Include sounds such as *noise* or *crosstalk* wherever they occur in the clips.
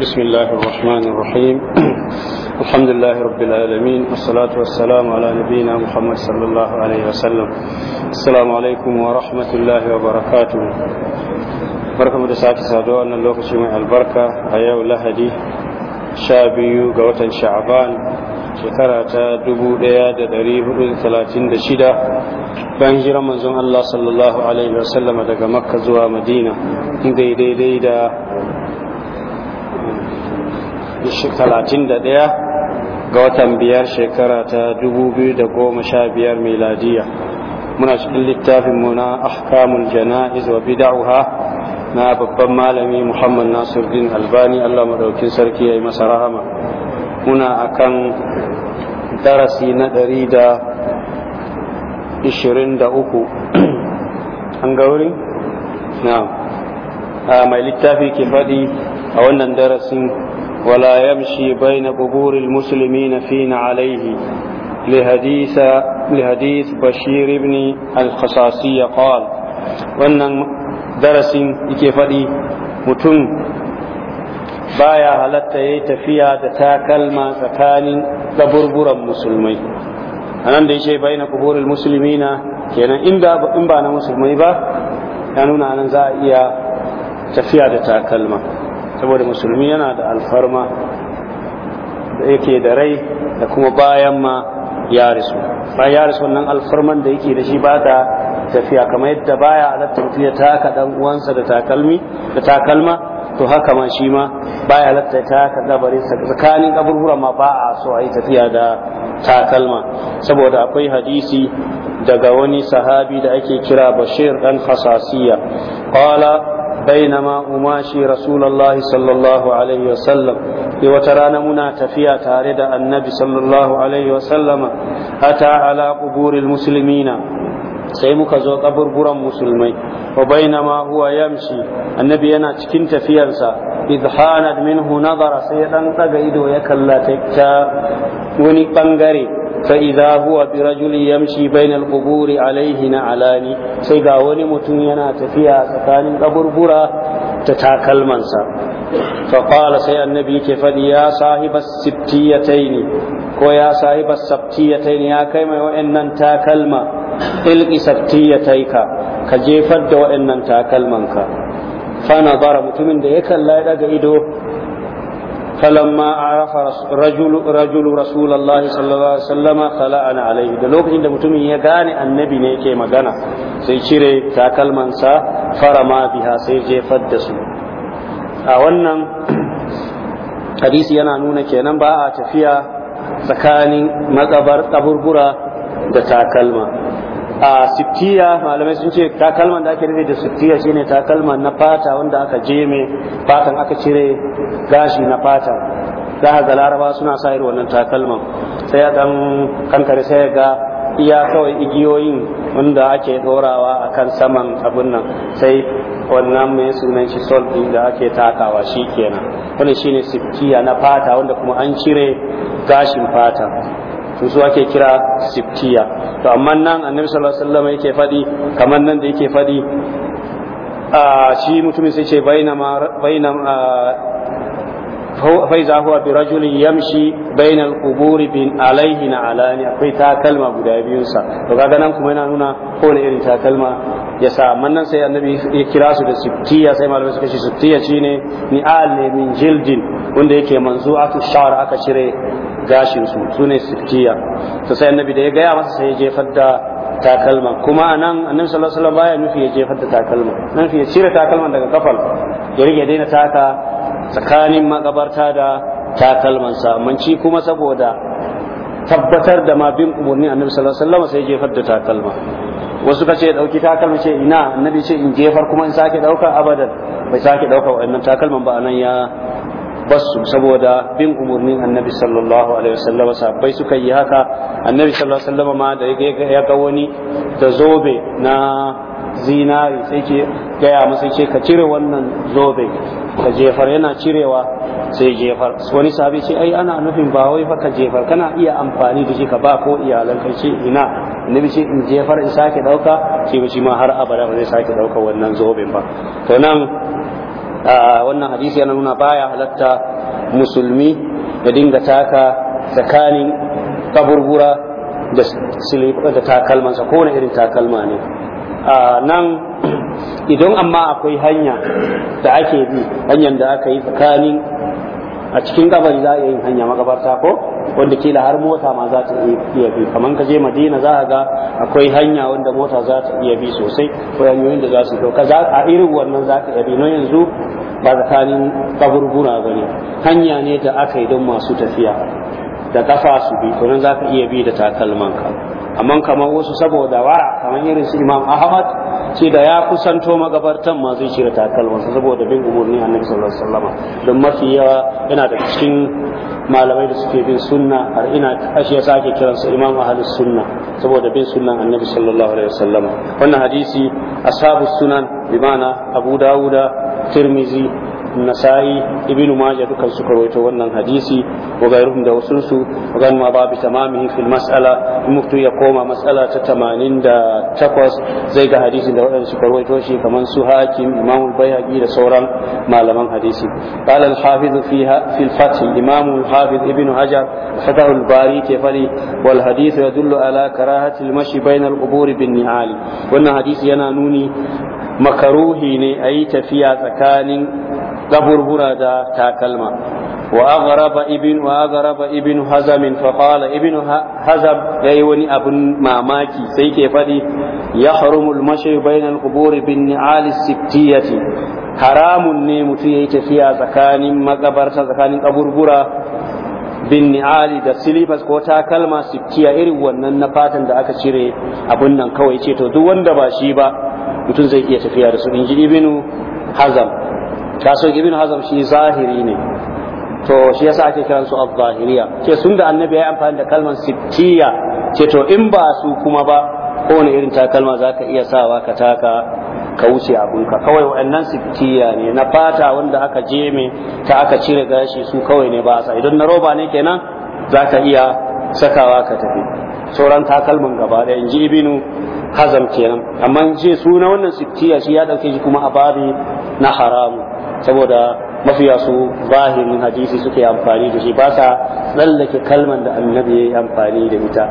بسم الله الرحمن الرحيم الحمد لله رب العالمين والصلاة والسلام على نبينا محمد صلى الله عليه وسلم السلام عليكم ورحمة الله وبركاته barkamu da sake wannan lokaci mai albarka a yau lahadi sha biyu ga watan sha'aban shekara ta 1436 bayan hijirar manzon Allah sallallahu alaihi wasallam daga makka zuwa madina daidai da 31 ga watan biyar shekara ta 2015 miladiya muna cikin littafin mu na ahkamul jana'iz wa bid'aha na babban malami Muhammad Nasiruddin Albani Allah madaukin sarki yayi masa rahama muna akan darasi na 123 an ga wuri na mai littafi ke faɗi a wannan darasin ولا يمشي بين قبور المسلمين فينا عليه لحديث لحديث بشير بن الخصاصية قال وأن درس يكفدي متم baya halatta yayi tafiya da takalma tsakanin kaburburan musulmai nan da yace baina kuburul na kenan in ba na musulmai ba ya nuna za a iya tafiya da takalma saboda musulmi yana da alfarma da yake da rai da kuma bayan ma ya rasu bayan ya rasu wannan alfarman da yake da shi ba ta tafiya kamar yadda baya halatta tafiya ya taka dan uwansa da takalmi da takalma to haka ma shi ma baya halatta ya taka kabarin tsakanin kaburbura ma ba a so a yi tafiya da takalma saboda akwai hadisi daga wani sahabi da ake kira Bashir dan fasasiya qala bainama umashi rasulullahi sallallahu alaihi wasallam bi wata rana muna tafiya tare da annabi sallallahu alaihi wasallama ata ala quburil musulmina sai muka zo kaburburan musulmai wa bainama huwa yamshi annabi yana cikin tafiyarsa idhanat minhu nazara sai dan daga ido ya kallata ta wani bangare فإذا هو برجل يمشي بين القبور عليه نعلاني سيغا وني متون ينا تفيا سكان برا تتاكل منسا فقال سي النبي كفدي يا صاحب السبتيتين ويا صاحب السبتيتين يا كيما وإن وإنن تاكلما إلقي سبتيتيك كجيفد وإن وإنن تاكلمنك فنظر متمن ديك الله يدق فلما عرف رجل رجل رسول الله صلى الله عليه وسلم عليه da lokacin da mutumin ya gane annabi ne yake magana sai cire takalmansa farama biha sai jefar da su a wannan hadisi yana nuna kenan ba a tafiya tsakanin makabar kaburbura da takalma a sittiya malamai sun ce takalman da ake nufi da sittiya shine takalma na fata wanda aka jeme fatan aka cire gashi na fata za ga laraba suna sa irin wannan takalman sai ya kankare sai ga iya kawai igiyoyin wanda ake dorawa akan saman abun nan sai wannan mai sunan shi sol din da ake takawa shi kenan wannan shine sittiya na fata wanda kuma an cire gashin fata su su ake kira siftiya to amma nan annabi sallallahu alaihi wasallam yake faɗi kamar nan da yake faɗi a shi mutumin sai ce bainama فإذا هو برجل يمشي بين القبور بين عليه نعلاني akwai takalma guda biyun to kaga nan kuma yana nuna kowane irin takalma yasa mannan sai annabi ya kira su da siftiya sai malamai suka ce siftiya shine ni'al ne min jildin wanda yake manzu'atu shar aka cire gashin su sune siftiya to sai annabi da ya gaya masa sai ya jefar da takalma kuma anan annabi sallallahu alaihi wasallam baya nufi ya jefar da takalma nan ya cire takalman daga kafal ya daina taka tsakanin makabarta da takalmansa manci kuma saboda tabbatar da ma bin umarni annabi sallallahu alaihi wasallam sai jefar da takalma wasu kace ya dauki takalma ce ina annabi ce in jefar kuma in sake dauka abadan bai sake dauka wannan takalman ba anan ya basu saboda bin umarnin annabi sallallahu alaihi wasallam sai suka yi haka annabi sallallahu alaihi wasallam ma da ya ga wani da zobe na zinari sai ke gaya masa ce ka cire wannan zobe ka jefar yana cirewa sai jefar wani sabi ce ai ana nufin ba wai fa ka jefar kana iya amfani da shi ka ba ko iyalan ka ce ina annabi ce in jefar in sake dauka ce ba shi ma har abada ba zai sake dauka wannan zobe ba to nan wannan hadisi yana nuna baya halatta musulmi ya dinga taka tsakanin kaburbura da takalmansa kowane irin takalma ne nan idan amma akwai hanya da ake bi hanyar da aka yi tsakanin a cikin gabar za a yin hanya makabarta ko wanda kila har mota ma za ta iya bi kamar ka je madina za a ga akwai hanya wanda mota za ta iya bi sosai ko hanyoyin da za su za a irin wannan za ka iya bi yanzu ba tsakanin kaburbura ba ne hanya ne da aka yi don masu tafiya da kafa su bi to nan za ka iya bi da takalman ka. amma kamar wasu saboda wara kamar irin su imam ahmad ce da ya kusanto magabartan ma zai shirya takalmansa saboda bin umarni annabi sallallahu alaihi wasallam don mafi yawa yana da cikin malamai da suke bin sunna har ina ashe ya sake kiransa imam ahli sunna saboda bin sunnan annabi sallallahu alaihi wasallam wannan hadisi ashabu sunan Imana, abu dawuda tirmizi nasa'i ibnu majah dukan suka rawaito wannan hadisi wa gairuhum da wasun su gan ma babu tamamihi fil mas'ala muftu ya koma mas'ala ta 88 zai ga hadisin da wadansu suka rawaito shi kaman su hakim imam al-baihaqi da sauran malaman hadisi qala al-hafiz fiha fil fath imam al-hafiz ibnu hajar fatah al-bari ke fari wal hadith yadullu ala karahati al-mashi bayna al-qubur bin ni'ali wannan hadisi yana nuni makaruhi ne a yi tafiya tsakanin kaburbura da takalma wa aghraba ibn wa aghraba ibn yayi wani abun mamaki sai ke fadi yahrumul mashi bainal qubur haramun ne mutum yayi tafiya tsakanin bin da silifas ko takalma sittiya irin wannan na fatan da aka cire abun nan kawai ce to duk wanda ba shi ba mutum zai iya tafiya da su in ji ibnu hazam kaso ibn hazm shi zahiri ne to shi yasa ake kiran su az-zahiriya ke sun da annabi ya amfani da kalmar sittiya ce to in ba su kuma ba kowane irin takalma zaka iya sawa ka taka ka wuce abun ka, kawai wa'annan sittiya ne na fata wanda aka je me ta aka cire gashi su kawai ne ba sa idan na roba ne kenan zaka iya sakawa ka tafi sauran takalman gaba da inji ibinu hazam kenan amma ce suna wannan sittiya shi ya dauke shi kuma a babi na haramu saboda mafiya su zahirin hadisi suke amfani da shi ba sa tsallake kalman da annabi ya yi amfani da ita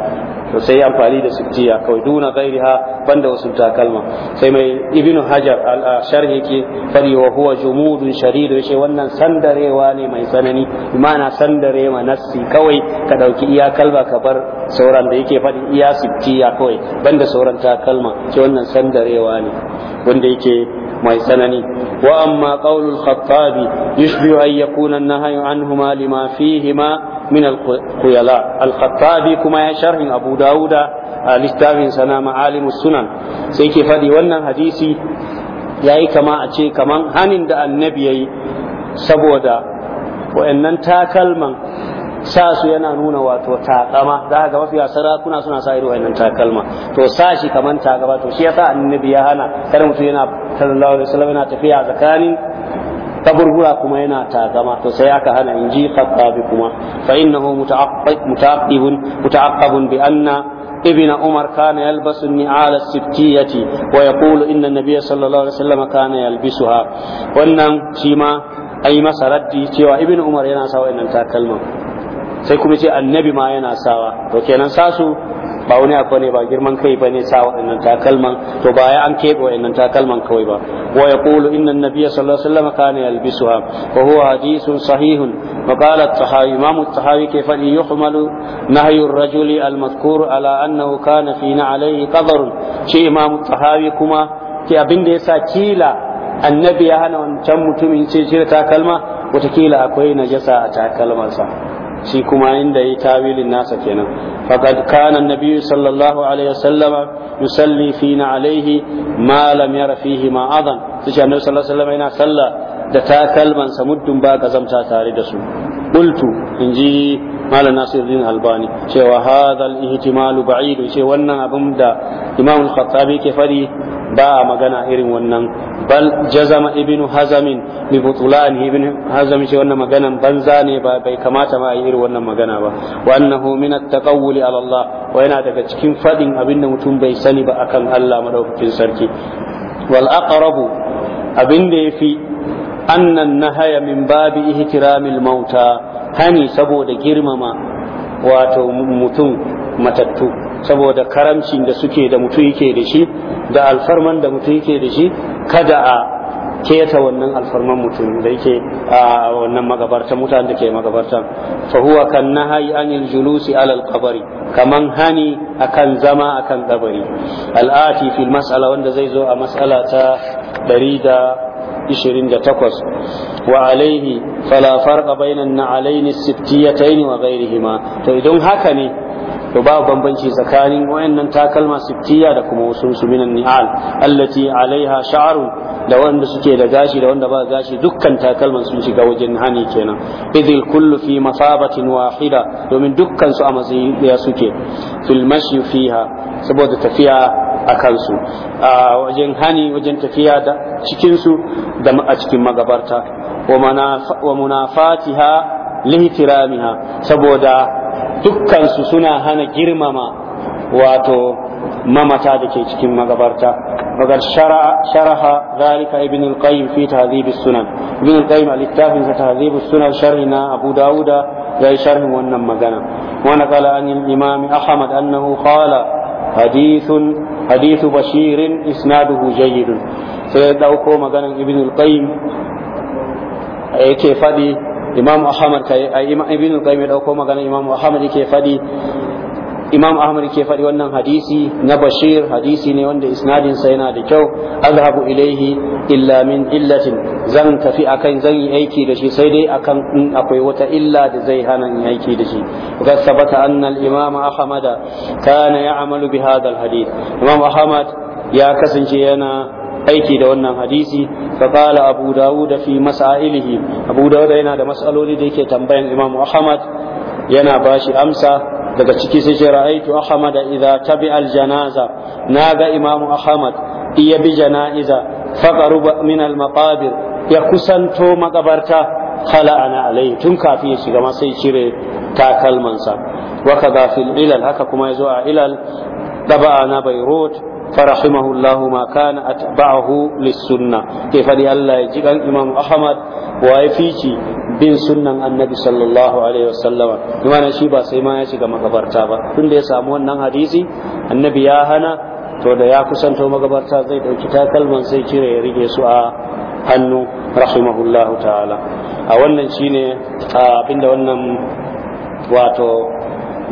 to sai amfani da sittiya kawai duna gairiha banda wasu ta kalma sai mai Ibn hajar al sharhi ke fari wa huwa jumudun shadid shi wannan sandarewa ne mai tsanani imana sandare ma nassi kawai ka dauki iya kalma ka bar sauran da yake fadi iya sittiya kawai banda sauran ta kalma shi wannan sandarewa ne wanda yake mai tsanani wa amma qaulul khattabi yushbihu an yakuna an-nahyu anhuma lima fihima min al-khuyala al-khattabi kuma ya sharhin Abu Dawuda a littafin sana ma'alimus sunan sai ke fadi wannan hadisi yayi kama a ce kaman hanin da annabi yayi saboda wayannan takalman sa su yana nuna wato takama za ga mafiya sarakuna suna sa irin wannan takalma to sa shi kaman takama to shi yasa annabi ya hana kar mutum yana sallallahu alaihi wasallam yana tafiya zakanin kaburbura kuma yana takama to sai aka hana ji khattabi kuma fa innahu muta'aqqibun muta'aqqabun bi anna ابن عمر كان يلبس النعال السبتية ويقول إن النبي صلى الله عليه وسلم كان يلبسها وأن شيما أي مسا ردي cewa ibn umar yana sa wa'annan takalman sai kuma ce annabi ma yana sawa to kenan sasu ba wani abu ne ba girman kai ba ne sa waɗannan takalman to ba ya an keɓe waɗannan takalman kawai ba wa ya ƙulu inna nabiya sallallahu alaihi wasallam kana yalbisuha wa huwa hadithun sahihun wa qala at-tahawi imam at-tahawi kayfa yuhmalu nahyu ar-rajuli al-madhkur ala annahu kana fi alayhi qadar shi imam at-tahawi kuma ke abin da yasa kila annabi ya hana wancan mutumin ce cire takalma watakila akwai najasa a takalmansa shi kuma inda yi tawilin nasa kenan faqad kana annabi sallallahu alaihi wasallam yusalli fina alaihi ma lam yara fihi ma adan annabi sallallahu alaihi wasallam yana salla da takalman sa muddin ba zamta tare da su qultu inji malam nasiruddin albani cewa hadha al-ihtimalu ba'id ce wannan abin da imam al-khattabi ke fari ba magana irin wannan bal jazama ibnu hazamin bi butulan ibnu hazamin ce wannan maganan banza ne ba bai kamata ma yi irin wannan magana ba wa annahu min at-taqawwul ala Allah wa yana daga cikin fadin abinda mutum bai sani ba akan Allah madaukakin sarki wal aqrabu abinda yafi annan nahaya min babi ihtiramil mauta hani saboda girmama wato mutum matattu saboda karamcin da suke da mutu yake da shi da alfarman da mutu yake da shi kada a keta wannan alfarman mutum da yake a wannan magabarta mutane da ke magabarta fa huwa kan nahayi anil julusi alal kabari kaman hani akan zama akan kabari al'ati fil mas'ala wanda zai zo a mas'ala ta 128 wa alaihi fala farqa bainan na'alaini sibtiyataini wa ghairihima to idan haka ne to ba bambanci tsakanin wayannan takalma siftiya da kuma wasu su minan ni'al allati alaiha sha'ru da wanda suke da gashi da wanda ba gashi dukkan takalman sun shiga wajen hani kenan idil kullu fi masabatin wahida domin dukkan su a matsayin daya suke fil mashi fiha saboda tafiya a kansu a wajen hani wajen tafiya da cikinsu da a cikin magabarta wa munafatiha lihtiramiha saboda dukkansu suna hana girmama wato mamata da ke cikin magabarta magar sharaha zalika ibn al-qayyim fi tahdhib as-sunan ibn al-qayyim al-ittafin sa tahdhib as-sunan sharhi abu dauda yayi sharhin wannan magana wana naqala an imam ahmad annahu qala حديث isnaduhu بشير sai dauko maganan ibn al-qayyim yake faɗi imam ahmad kai ibn al-qayyim dauko magana imam ahmad yake fadi imam ahmad ke faɗi wannan hadisi na bashir hadisi ne wanda isnadin sa yana da kyau azhabu ilaihi illa min illatin zan tafi akan zan yi aiki da shi sai dai akan in akwai wata illa da zai hana in aiki da shi ga sabata anna al-imam ahmad kana ya'malu bi hadha al-hadith imam ahmad ya kasance yana aiki da wannan hadisi fa qala abu dawud fi masailihi abu dawud yana da masaloli da yake tambayan imamu ahmad yana bashi amsa daga ciki sai ra'aitu ahmad idza tabi al janaza naga imamu ahmad iya bi janaiza fa qaruba min al maqabir ya kusanto makabarta khala ana alai tun kafin ya shiga ma sai cire takalmansa wa kaza fil ilal haka kuma yazo a ilal taba'a na bayrut فرحمه الله ما كان أتبعه للسنة كيف دي الله يجيك الإمام أحمد ويفيتي bin sunnan annabi sallallahu alaihi wasallama imana shi ba sai ma ya shiga makabarta ba tun da ya samu wannan hadisi annabi ya hana to da ya kusanto makabarta zai ɗauki takalman sai cire ya rige su a hannu rahimahullahu ta'ala a wannan shine abinda wannan wato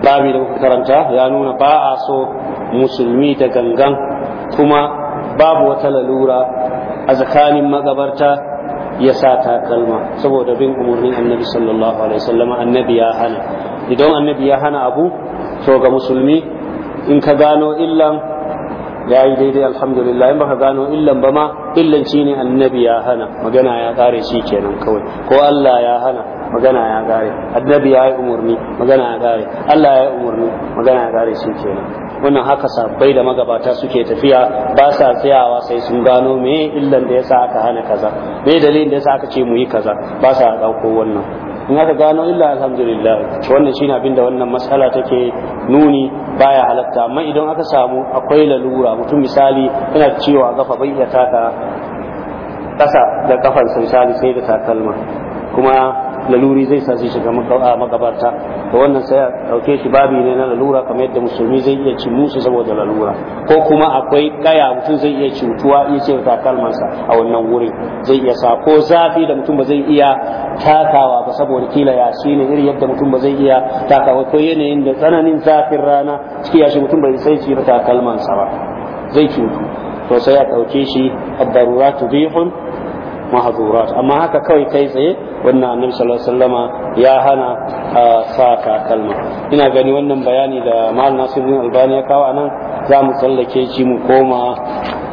babi da kuka karanta ya nuna ba a so musulmi da gangan kuma babu wata lalura a tsakanin magabarta ya sa takalma saboda bin umarnin annabi sallallahu alaihi wasallama annabi ya hana idan annabi ya hana abu to ga musulmi in ka gano illan ya yi daidai alhamdulillah in baka gano illan ba ma illan shine annabi ya hana magana ya kare shi kenan kawai ko Allah ya hana magana ya gare annabi ya yi umarni magana ya gare Allah ya yi umarni magana ya gare shi kenan wannan haka sabbai da magabata suke tafiya ba sa tsayawa sai sun gano me illan da yasa aka hana kaza me dalilin da yasa aka ce mu yi kaza ba sa dauko wannan in aka gano illa alhamdulillah wannan shine abin da wannan matsala take nuni baya halatta amma idan aka samu akwai lalura mutum misali ina cewa gafa bai iya taka ƙasa da kafan misali sai da takalma kuma laluri zai sa shi shiga makabarta to wannan sai a shi babi ne na lalura kamar yadda musulmi zai iya ci musu saboda lalura ko kuma akwai kaya mutum zai iya cutuwa iya ce takalmansa a wannan wurin zai iya sa ko zafi da mutum ba zai iya takawa ba saboda kila ya shi ne irin yadda mutum ba zai iya takawa ko yanayin da tsananin zafin rana ciki ya shi mutum bai sai ci takalmansa ba zai cutu to sai a ɗauke shi ad-daruratu bihun mahdurat amma haka kawai kai tsaye wannan annabi sallallahu alaihi wasallama ya hana sa takalma ina gani wannan bayani da mal nasirin albani ya kawo anan za mu tsallake shi mu koma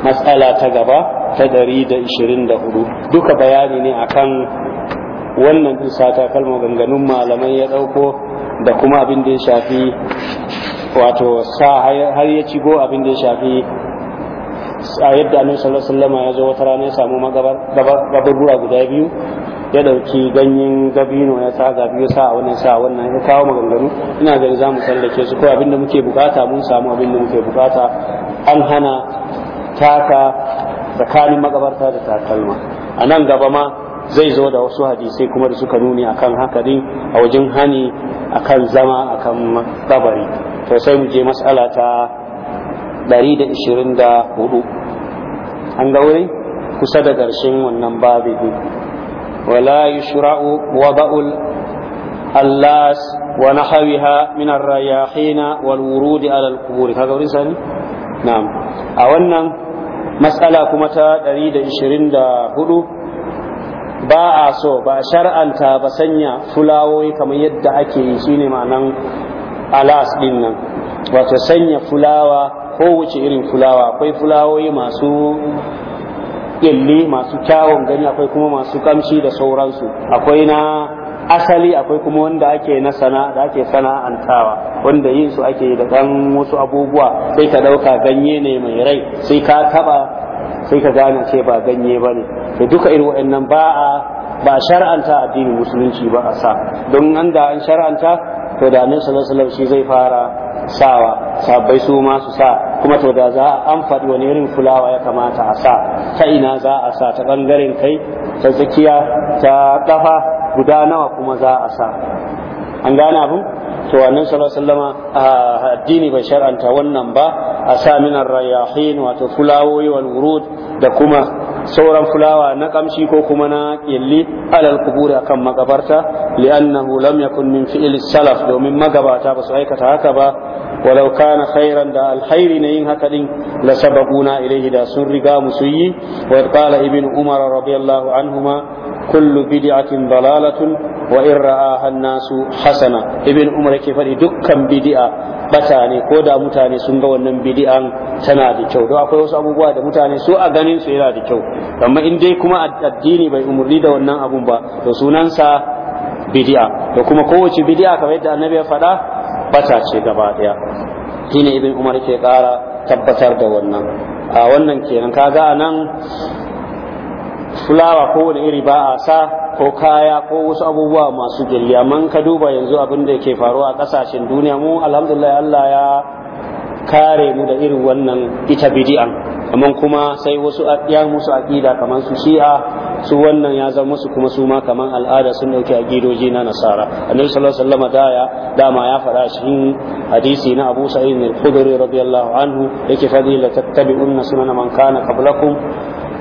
matsala ta gaba ta 124 duka bayani ne akan wannan din ta kalma ganganun malamai ya dauko da kuma abin da ya shafi wato sa har ya ci go abin da ya shafi a yadda annabi sallallahu alaihi wasallam ya zo wata rana ya samu magabar gabar guda biyu ya dauki ganyen gabino ya sa ga biyu sa wannan sa wannan ya kawo maganganu ina ganin za mu su ko abinda muke bukata mun samu abinda muke bukata an hana taka tsakanin magabarta da takalma a nan gaba ma zai zo da wasu hadisai kuma da suka nuni akan haka din a wajen hani akan zama akan kabari to sai mu je mas'ala ta 124 an ga wuri kusa da garshen wannan babi wala yushra'u wada'ul allas wa nahawiha min ar-rayahin wal wurud ala al-qubur ga wurin sani na'am a wannan Matsala kuma ta 124 ba a so ba shar'anta ba sanya fulawoyi kamar yadda ake yi shine ma'anan alas din nan wato sanya fulawa wuce irin fulawa akwai fulawoyi masu ƙilli masu kyawun gani akwai kuma masu kamshi da sauransu akwai na asali akwai kuma wanda ake na sana da ake sana'antawa wanda yin su ake da ɗan wasu abubuwa sai ka ɗauka ganye ne mai rai sai ka taɓa sai ka gane ce ba ganye ba ne to duka irin waannan ba a ba shar'anta addinin musulunci ba a sa don an da an shar'anta to da annabi sallallahu alaihi wasallam shi zai fara sawa sabai su ma su sa kuma to da za a an wani irin fulawa ya kamata a sa ta ina za a sa ta ɓangaren kai ta tsakiya ta ƙafa guda nawa kuma za a sa an gane abin to annabi sallallahu alaihi wasallama addini bai shar'anta wannan ba a sa min rayahin wato fulawoyi wal wurud da kuma sauran fulawa na kamshi ko kuma na killi alal kubur akan makabarta li'annahu lam yakun min fi'il salaf domin magabata ba su aikata haka ba walau kana khairan da alkhairi ne yin haka din la sabaquna ilayhi da sun riga musu yi wa qala ibnu umar radiyallahu anhuma kullu bidiyakin dalalatun wa in ra'aha nasu hasana ibn umar yake faɗi dukkan bid'a bata ne ko da mutane sun ga wannan bid'an tana da kyau don akwai wasu abubuwa da mutane su a ganin su yana da kyau amma in dai kuma addini bai umurni da wannan abun ba to sunansa bid'a da kuma kowace bid'a kamar yadda annabi ya faɗa bata ce gaba daya shine ibn umar ke ƙara tabbatar da wannan a wannan kenan kaga nan. fulawa ko wani iri ba a sa ko kaya ko wasu abubuwa masu girya man ka duba yanzu abin da ke faruwa a kasashen duniya mu alhamdulillah Allah ya kare mu da irin wannan ita bidi'an amma kuma sai wasu ya musu aqida kamar su shi'a su wannan ya zama musu kuma su ma kamar al'ada sun dauki aqidoji na nasara annabi sallallahu alaihi wasallam da dama ya fara cikin hadisi na Abu Sa'id al-Khudri radiyallahu anhu yake fadila tattabi'unna sunan man kana qablakum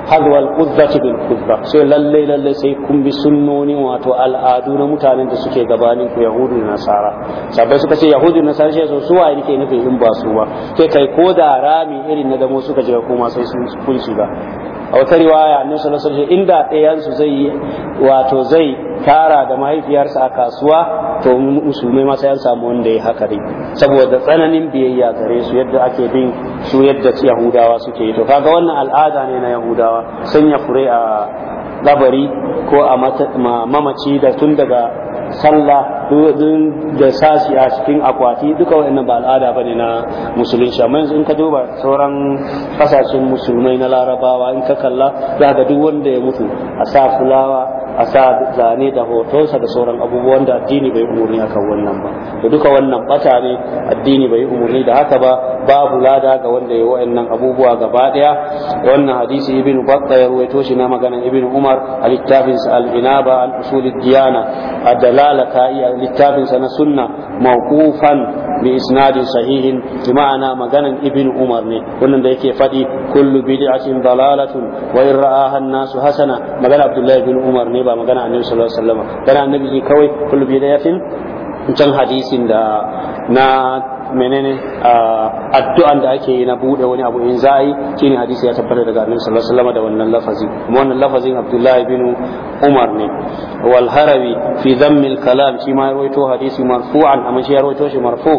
hazwal quzzati bil quzza sai lalle lalle sai kun bi sunnoni wato al'adu na mutanen da suke gabanin ku yahudu da nasara sabai suka ce yahudu da nasara sai su waye nake nufi in ba su ba sai kai ko da rami irin na damo suka je kuma sai sun kun shiga a wata riwaya annabi sallallahu alaihi wasallam inda ɗayansu zai wato zai tara da mahaifiyarsa a kasuwa to musulmai ma sai an samu wanda ya haka dai saboda tsananin biyayya gare su yadda ake bin su yadda yahudawa suke yi to kaga wannan al'ada ne na yahudawa sanya fure a labari ko a mamaci da tun daga sallah da sashi a cikin akwati duka waɗannan ba al'ada ba ne na musulunci amma yanzu in ka duba sauran kasashen musulmai na larabawa in ka kalla za ka duk wanda ya mutu a sa fulawa a sa zane da hotonsa da sauran abubuwan da addini bai umarni kan wannan ba da duka wannan bata ne addini bai umarni da haka ba babu lada ga wanda ya wa'annan abubuwa gaba daya wannan hadisi ibn batta ya ruwaito shi na maganan ibn umar a littafin sa al-inaba al usul diyana a dalala ka'i littafin sa na sunna mawqufan bi isnadin sahihin bi ma'ana maganan ibn umar ne wannan da yake fadi kullu bid'atin dalalatun wa in ra'aha an-nasu hasana magana abdullahi ibn umar ne ne ba magana annabi sallallahu alaihi wasallam magana annabi ne kawai kullu bidayatin can hadisin da na menene addu'an da ake yi na bude wani abu in za yi shine hadisi ya tabbata daga annabi sallallahu alaihi wasallam da wannan lafazi kuma wannan lafazin abdullahi bin Umar ne wal harabi fi shima al kalam shi ma rawaito hadisi marfu'an amma shi ya rawaito shi marfu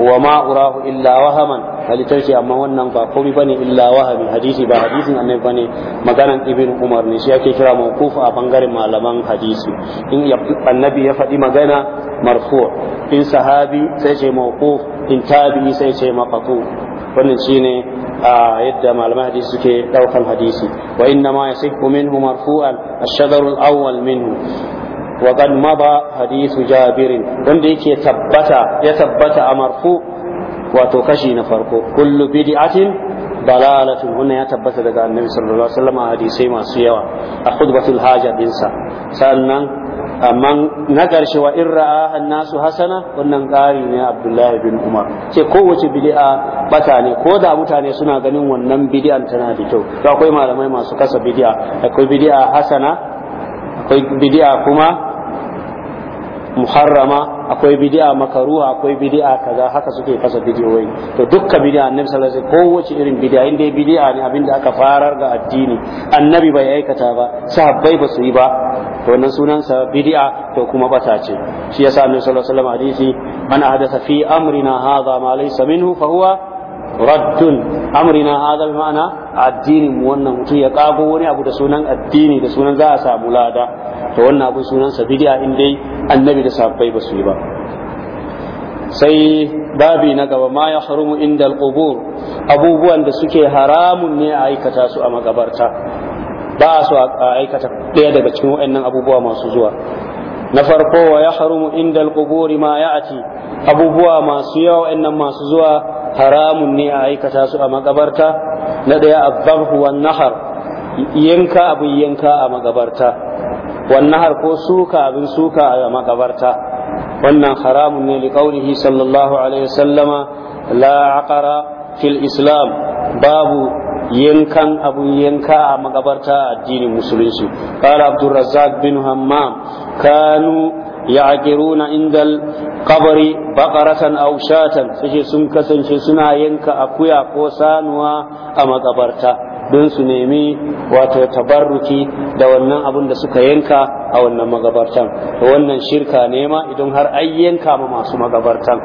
wa ma urahu illa wahaman halittar ce amma wannan ba komai bane illa wahabi hadisi ba hadisin annabi bane maganan ibn umar ne shi ake kira mawquf a bangaren malaman hadisi in annabi ya faɗi magana marfu in sahabi sai ce mawquf in tabi sai ce maqtu wannan shine yadda malaman hadisi suke daukan hadisi wa inna ma yasihu minhu marfu'an ash-shadar al-awwal minhu wa qad mada hadithu jabir wanda yake tabbata ya tabbata a marfu' wato kashi na farko kullu bid'atin dalalatun wannan ya tabbata daga annabi sallallahu alaihi wasallam a hadisai masu yawa a khutbatul haja dinsa sannan amma na karshe wa in ra'a nasu hasana wannan qari ne abdullahi bin umar ce kowace bid'a bata ne ko da mutane suna ganin wannan bid'an tana da kyau to akwai malamai masu kasa bid'a akwai bid'a hasana akwai bid'a kuma muharrama akwai bid'a makaruha akwai bid'a kaza haka suke kasa bidiyoyi to dukkan bid'a annabi sallallahu alaihi wasallam kowace irin bid'a inda bid'a ne abinda aka farar ga addini annabi bai aikata ba sahabbai ba su yi ba to wannan sunansa bid'a to kuma bata ce shi yasa annabi sallallahu alaihi wasallam hadisi man ahdatha fi amrina hadha ma laysa minhu fa huwa raddun amrina hadal ma'ana addinin mu wannan mutum ya kago wani abu da sunan addini da sunan za a samu lada to wannan abu sunan sa bid'a in dai annabi da sahabbai ba su yi ba sai babi na gaba ma ya harumu inda alqubur abubuwan da suke haramun ne a aikata su a magabarta ba su a aikata ɗaya daga cikin waɗannan abubuwa masu zuwa na farko wa ya harumu inda alqubur ma ya'ati abubuwa masu yawa waɗannan masu zuwa haramun ne a aikata su a makabarta na ɗaya abbarhu wan nahar yanka abin yanka a makabarta wan ko suka abin suka a makabarta wannan haramun ne liqaulihi sallallahu alaihi sallama la fil islam babu yankan abun yanka a magabarta addinin musulunci qala abdurrazzaq bin hammam kanu ya'kiruna indal kabari baqaratan aw shatan sai sun kasance suna yanka akuya ko sanuwa a makabarta don su nemi wato tabarruki da wannan abun da suka yanka a wannan magabartan wannan shirka nema idan har an yanka ma masu magabartan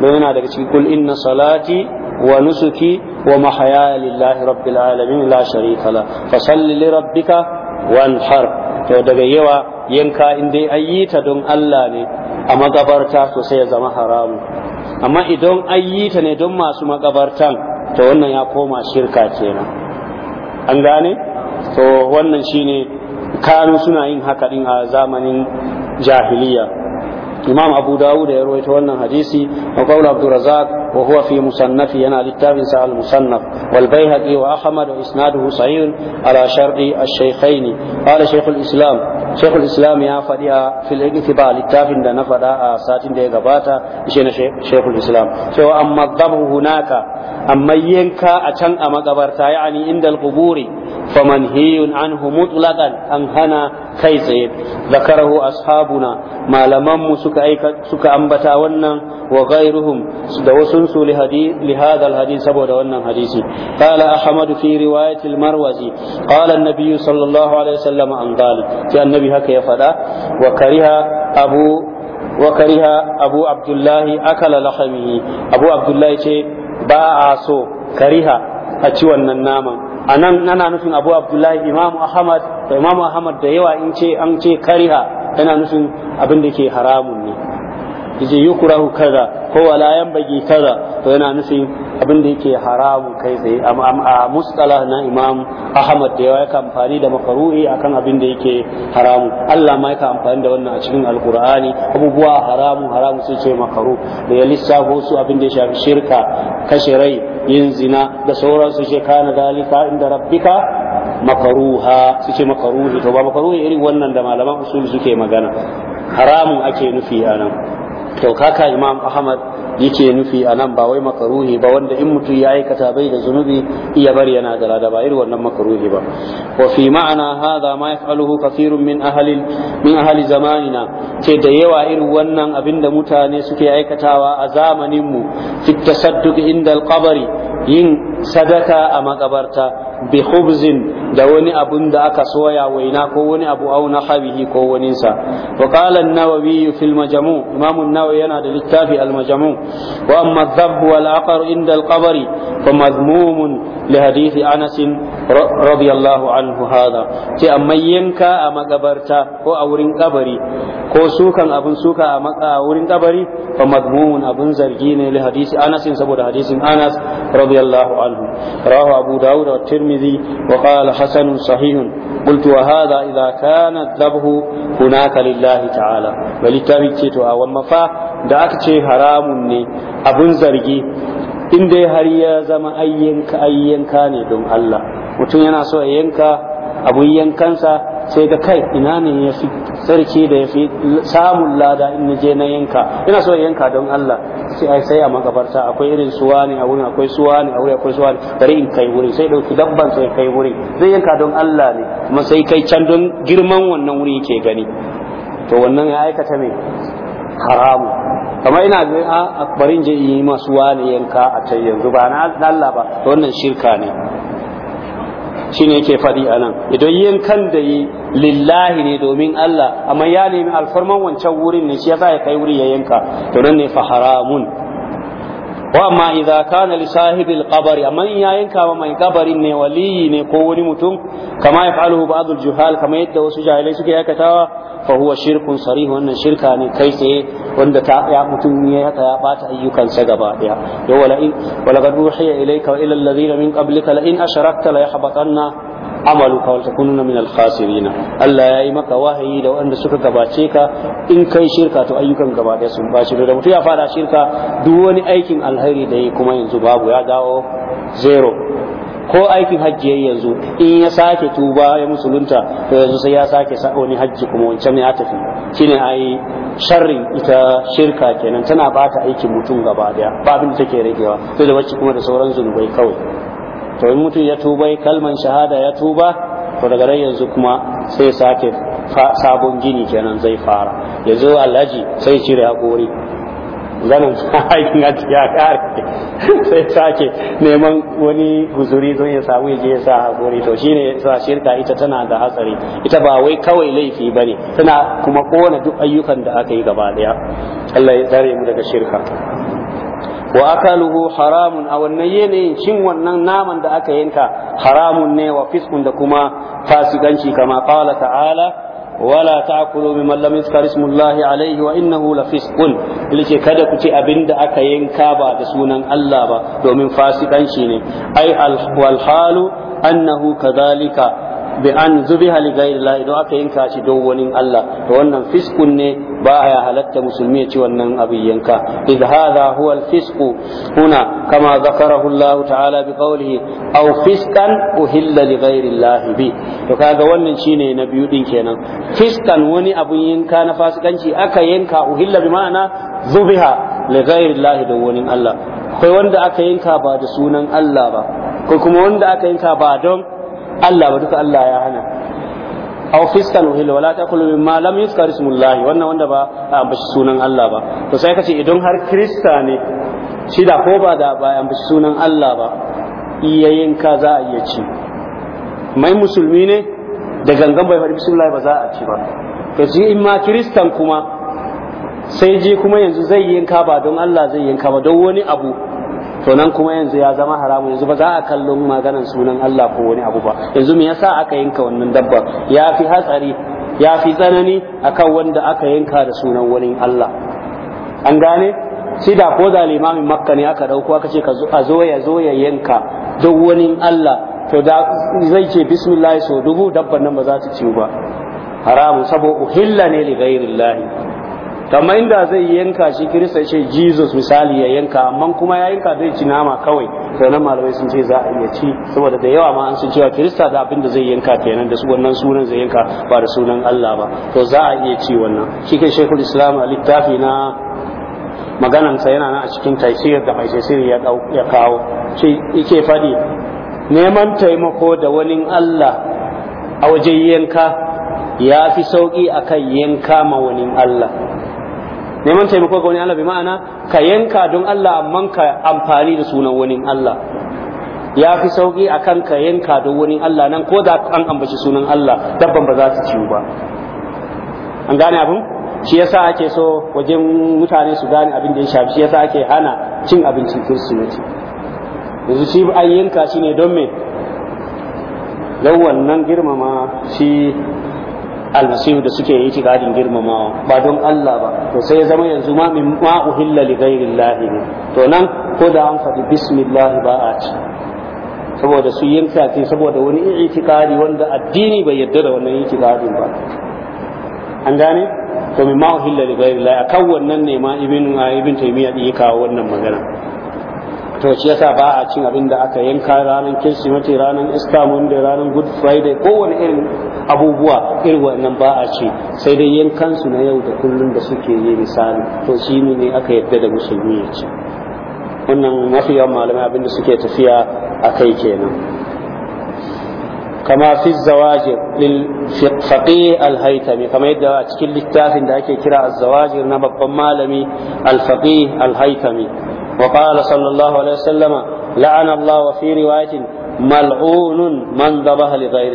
don yana daga cikin kul salati wa nusuki wa mahaya lillahi rabbil alamin la sharika la fa salli li wanhar to daga yawa yanka in dai an yi ta don Allah ne a magabarta to sai ya zama haramu amma idan an yi ta ne don masu magabartan to wannan ya koma shirka kenan an gane to wannan shine kanu suna yin haka din a zamanin jahiliya imam abu dawud ya ta wannan hadisi wa qawla abdurrazzaq وهو في مصنف ينا للتابنس المصنف والبيهقي وأحمد وإسناده صحيح على شرط الشيخين قال شيخ الإسلام شيخ الإسلام يا فديا في الاقتباء للتابن دا نفدا ساتين دا غباتا شيخ الإسلام سو أما الضبه هناك أما ينكا أتن أما قبرتا يعني عند القبور فمنهي عنه مطلقا أن هنا كيس ذكره أصحابنا ما لمم سكا أنبتا ونن وغيرهم da wasu su li hadal hadisi saboda wannan hadisi qala ahmad fi riwayati al marwazi qala an-nabiy sallallahu alaihi wasallam an qala ya annabi haka ya fada wa kariha abu wa kariha abu abdullahi akala lahamihi abu abdullahi ce ba a so kariha a ci wannan naman anan ana nufin abu abdullahi imamu ahmad imamu ahmad da yawa in an ce kariha yana nufin abin da ke haramun ne yace yukrahu kaza ko wala yanbaghi kaza to yana nufin abin da yake haramu kai tsaye a mustalah na imam ahmad da yawa yake amfani da makaruhi akan abin da yake haramu Allah ma yaka amfani da wannan a cikin alqur'ani abubuwa haramu haramu sai ce makaru da ya lissafo su abin da ya shafi shirka kashe rai yin zina da sauransu shi kana dalika inda rabbika makaruha su ce makaruhi to ba makaruhi irin wannan da malaman usul suke magana haramun ake nufi anan to kaka imam ahmad yake nufi anan ba wai makaruhi ba wanda in mutum ya aikata bai da zunubi iya bari yana da lada ba irin wannan makaruhi ba wa fi ma'ana hadha ma yaf'aluhu kathirun min ahli min ahli zamanina ce da yawa irin wannan abinda mutane suke aikatawa a zamanin mu fi tasadduq inda al yin sadaka a makabarta bi khubzin da wani abun da aka soya waina ko wani abu au na habihi ko wani sa wa qala an-nawawi fil majmu imam an-nawawi yana da littafi al-majmu wa amma adh-dhabb wal aqar inda al-qabri fa mazmumun li hadith anas radiyallahu anhu hada ce amma yanka a magabarta ko a wurin kabari ko sukan abun suka a wurin kabari fa mazmumun abun zargi ne li hadith anas saboda hadisin anas radiyallahu anhu rawahu abu dawud wa الترمذي وقال حسن صحيح قلت وهذا إذا كان الذبح هناك لله تعالى ولتابي تيتوا ومفا دعك تي حرام ني أبن زرقي إن دي هريا زما أينك أينك ني دم الله متن ينا سو أينك أبو ينكنسا sai ga kai ina ne ya fi sarki da ya fi samun lada in je na yanka ina so yanka don Allah sai ai sai a makabarta akwai irin suwa ne a wurin akwai suwa ne a wurin akwai suwa ne bari in kai wurin sai dauki dabban sai kai wurin zai yanka don Allah ne kuma sai kai can don girman wannan wuri yake gani to wannan ya aikata ne haramu kamar ina ga a barin je yi masu wani yanka a can yanzu ba na Allah ba wannan shirka ne shine yake faɗi anan, idan yin kan da yi lillahi ne domin Allah amma ya nemi alfarman wancan wurin ne shi yasa ya kai wuri ya yanka to nan ne fa haramun wa amma idza kana li sahibil qabri amma ya yanka ma mai kabarin ne waliyi ne ko wani mutum kama yaf'aluhu ba'd al-juhal kama yadda wasu jahilai suke aikatawa fa huwa shirkun sarih wannan shirka ne kai tsaye wanda ta ya mutum ya haka ya bata ayyukansa gabaɗaya. daya yau wala in wala qad ruhiya ilayka wa ila alladhina min qablika la in asharakta la yahbatanna amaluka wa takununa min al-khasirin Allah yayi maka wahayi da waɗanda suka gabace ka in kai shirka to ayyukan gaba daya sun bashi da mutum ya fara shirka duk wani aikin alheri da yi kuma yanzu babu ya dawo zero ko aikin hajji yayi yanzu in ya sake tuba ya musulunta to yanzu sai ya sake sa wani hajji kuma wancan ne ya tafi shine ai sharrin ita shirka kenan tana bata aikin mutum gaba daya ba abin da take ragewa to da wacce kuma da sauran zunubai kawai to in mutum ya tuba kalman shahada ya tuba to daga rai yanzu kuma sai sake sabon gini kenan zai fara yanzu alhaji sai cire hakori zanin *laughs* aikin hajji ya kare sai sake neman wani guzuri zai ya samu ya je ya sa hakuri to shine sa shirka ita tana da hatsari ita ba wai kawai laifi ba ne tana kuma kona duk ayyukan da aka yi gaba daya Allah ya tsare mu daga shirka wa akaluhu haramun a wannan yanayin cin wannan naman da aka yanka haramun ne wa fiskun da kuma fasikanci kama qala ta'ala wala ta'kulu mimman lam yuzkar ismullahi alayhi wa innahu lafisqun yace kada ku ci abinda aka yanka ba da sunan Allah ba domin fasikanci ne ai al halu annahu kadhalika bi an zubiha li ghairillah idan aka yanka shi don wani Allah to wannan fiskun ne ba ya halatta musulmi ya ci wannan abin yanka id hadha huwa al huna kama zakarahu Allah ta'ala bi qawlihi aw fiskan uhilla li ghairillah bi to kaga wannan shine na biyu din kenan fiskan wani abu yanka na fasikanci aka yanka uhilla bi ma'ana zubiha li ghairillah don wani Allah akwai wanda aka yanka ba da sunan Allah ba ko kuma wanda aka yanka ba don Allah ba duka Allah ya hana aw fiskan wa wala taqulu mimma lam yuzkar ismullahi wannan wanda ba a ambaci sunan Allah ba to sai kace idan har krista ne shi da ko ba da ba ambaci sunan Allah ba iyayen ka za a iya ci mai musulmi ne da gangan bai faɗi bismillah ba za a ci ba to shi in ma kristan kuma sai je kuma yanzu zai yanka ba don Allah zai yanka ba don wani abu to nan kuma yanzu ya zama haramu yanzu ba za a kallon maganan sunan Allah ko wani abu ba yanzu me yasa aka yanka wannan dabba ya fi hatsari ya fi tsanani akan wanda aka yanka da sunan wani Allah an gane shi da ko da limamin makka ne aka dauko aka ce ka zo ya zo ya yanka duk wani Allah to da zai ce bismillah so dubu dabban nan ba za ta ciwo ba haramu saboda uhilla ne li ghairillahi kamar inda zai yanka shi kirista ce jesus misali ya yanka amma kuma ya yanka zai ci nama kawai nan malamai sun ce za a iya ci saboda da yawa ma an sun cewa kirista da abin da zai yanka kenan da su wannan sunan zai yanka ba da sunan allah ba to za a iya ci wannan shi kai shekul islam a littafi na maganansa yana nan a cikin taisir da mai taisir ya kawo shi yake faɗi neman taimako da wani allah a wajen yanka ya fi sauƙi akan yanka ma wani allah neman taimako ga wani Allah bi ma'ana ka yanka don Allah amma ka amfani da sunan wani Allah ya fi sauki akan ka yanka don wani Allah nan ko da an ambaci sunan Allah dabban ba za su ciwu ba an gane abin shi yasa ake so wajen mutane su gane abin da ya shafi shi yasa ake hana cin abincin kirsimeti yanzu shi an yanka shi ne don me don wannan girmama shi almasihu da suke yi tikadin girmamawa ba don Allah ba to sai ya zama yanzu ma min ma uhilla li ghairillah ne to nan ko da an faɗi bismillah ba a ci saboda su yanka ce saboda wani itikadi wanda addini bai yarda da wannan itikadin ba an gane to min ma uhilla li ghairillah akan wannan ne ma ibn ibn taymiya ya kawo wannan magana to shi yasa ba a cin abin da aka yanka ranar kirsimeti ranar easter monday ranar good friday kowane irin abubuwa irin wannan ba a ci sai dai yankan su na yau da kullum da suke yi misali to shi ne aka yadda da musulmi ya ci wannan mafi yawan malamai abin da suke tafiya a kai kenan كما a cikin littafin da ake kira اتكل التافن na babban malami نبا مالمي الفقيه الهيثمي وقال صلى الله عليه وسلم لعن الله وفي رواية ملعون من ذبح لغير